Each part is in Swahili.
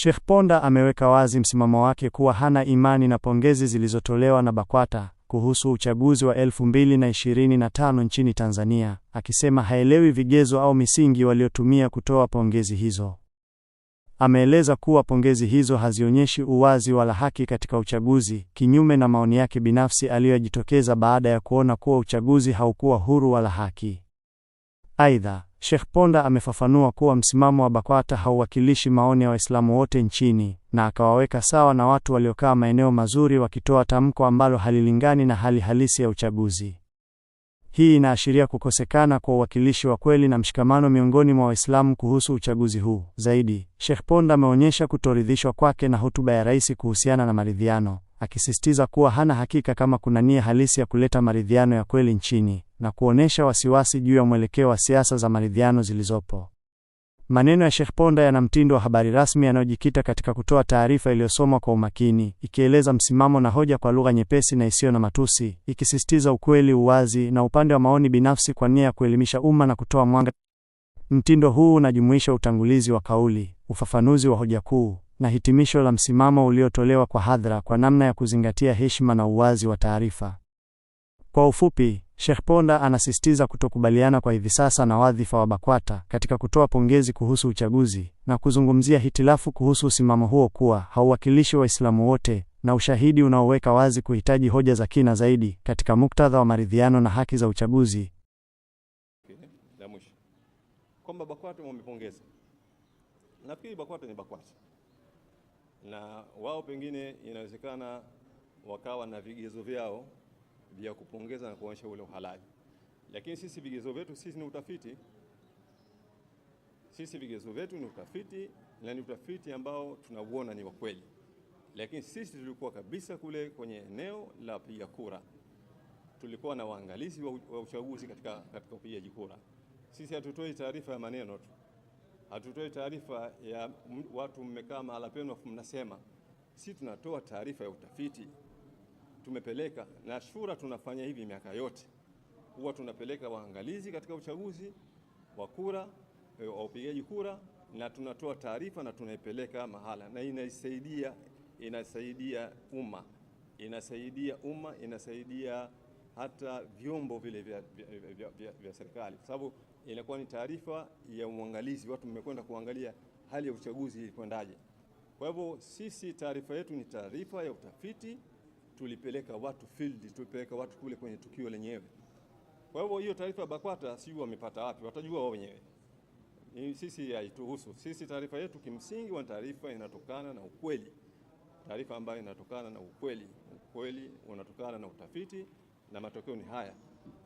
Sheikh Ponda ameweka wazi msimamo wake kuwa hana imani na pongezi zilizotolewa na Bakwata kuhusu uchaguzi wa 2025 nchini Tanzania, akisema haelewi vigezo au misingi waliotumia kutoa pongezi hizo. Ameeleza kuwa pongezi hizo hazionyeshi uwazi wala haki katika uchaguzi, kinyume na maoni yake binafsi aliyojitokeza baada ya kuona kuwa uchaguzi haukuwa huru wala haki. Aidha, Sheikh Ponda amefafanua kuwa msimamo wa BAKWATA hauwakilishi maoni ya Waislamu wote nchini na akawaweka sawa na watu waliokaa maeneo mazuri wakitoa tamko ambalo halilingani na hali halisi ya uchaguzi. Hii inaashiria kukosekana kwa uwakilishi wa kweli na mshikamano miongoni mwa Waislamu kuhusu uchaguzi huu. Zaidi, Sheikh Ponda ameonyesha kutoridhishwa kwake na hotuba ya rais kuhusiana na maridhiano, akisisitiza kuwa hana hakika kama kuna nia halisi ya kuleta maridhiano ya kweli nchini na kuonesha wasiwasi juu ya mwelekeo wa siasa za maridhiano zilizopo. Maneno ya Sheikh Ponda yana mtindo wa habari rasmi yanayojikita katika kutoa taarifa iliyosomwa kwa umakini, ikieleza msimamo na hoja kwa lugha nyepesi na isiyo na matusi, ikisisitiza ukweli, uwazi na upande wa maoni binafsi kwa nia ya kuelimisha umma na kutoa mwanga. Mtindo huu unajumuisha utangulizi wa kauli, ufafanuzi wa hoja kuu na hitimisho la msimamo uliotolewa kwa hadhara kwa namna ya kuzingatia heshima na uwazi wa taarifa. Kwa ufupi, Sheikh Ponda anasisitiza kutokubaliana kwa hivi sasa na wadhifa wa Bakwata katika kutoa pongezi kuhusu uchaguzi na kuzungumzia hitilafu kuhusu usimamo huo kuwa hauwakilishi Waislamu wote na ushahidi unaoweka wazi kuhitaji hoja za kina zaidi katika muktadha wa maridhiano na haki za uchaguzi. Kwamba Bakwata wamepongeza. Nafikiri Bakwata ni Bakwata, na wao pengine inawezekana wakawa na vigezo vyao vya kupongeza na kuonyesha ule uhalali. Lakini sisi vigezo vyetu sisi ni utafiti, sisi vigezo vyetu ni utafiti na ni utafiti ambao tunauona ni wa kweli, lakini sisi tulikuwa kabisa kule kwenye eneo la wapiga kura, tulikuwa na waangalizi wa uchaguzi katika, katika upigaji kura. Sisi hatutoi taarifa ya maneno tu, hatutoi taarifa ya watu mmekaa mahala penu afu mnasema. Sisi tunatoa taarifa ya utafiti tumepeleka na shura, tunafanya hivi miaka yote, huwa tunapeleka waangalizi katika uchaguzi wa kura e, wa upigaji kura, na tunatoa taarifa na tunaipeleka mahala, na inasaidia inasaidia umma inasaidia umma inasaidia hata vyombo vile vya, vya, vya, vya, vya, vya serikali kwa sababu inakuwa ni taarifa ya uangalizi. Watu mmekwenda kuangalia hali ya uchaguzi ilikwendaje. Kwa hivyo sisi taarifa yetu ni taarifa ya utafiti tulipeleka watu field, tulipeleka watu kule kwenye tukio lenyewe. Kwa hivyo hiyo taarifa ya BAKWATA si wamepata wapi, watajua wao wenyewe. Sisi haituhusu sisi. Taarifa yetu kimsingi wa taarifa inatokana na ukweli, taarifa ambayo inatokana na ukweli, ukweli unatokana na utafiti na matokeo ni haya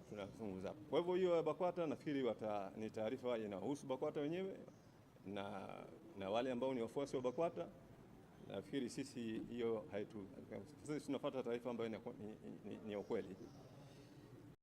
tunazungumza. Kwa hivyo hiyo ya BAKWATA nafikiri wata, ni taarifa inahusu BAKWATA wenyewe na, na wale ambao ni wafuasi wa BAKWATA nafikiri sisi hiyo haitu, tunafuata taarifa ambayo ni ya ukweli.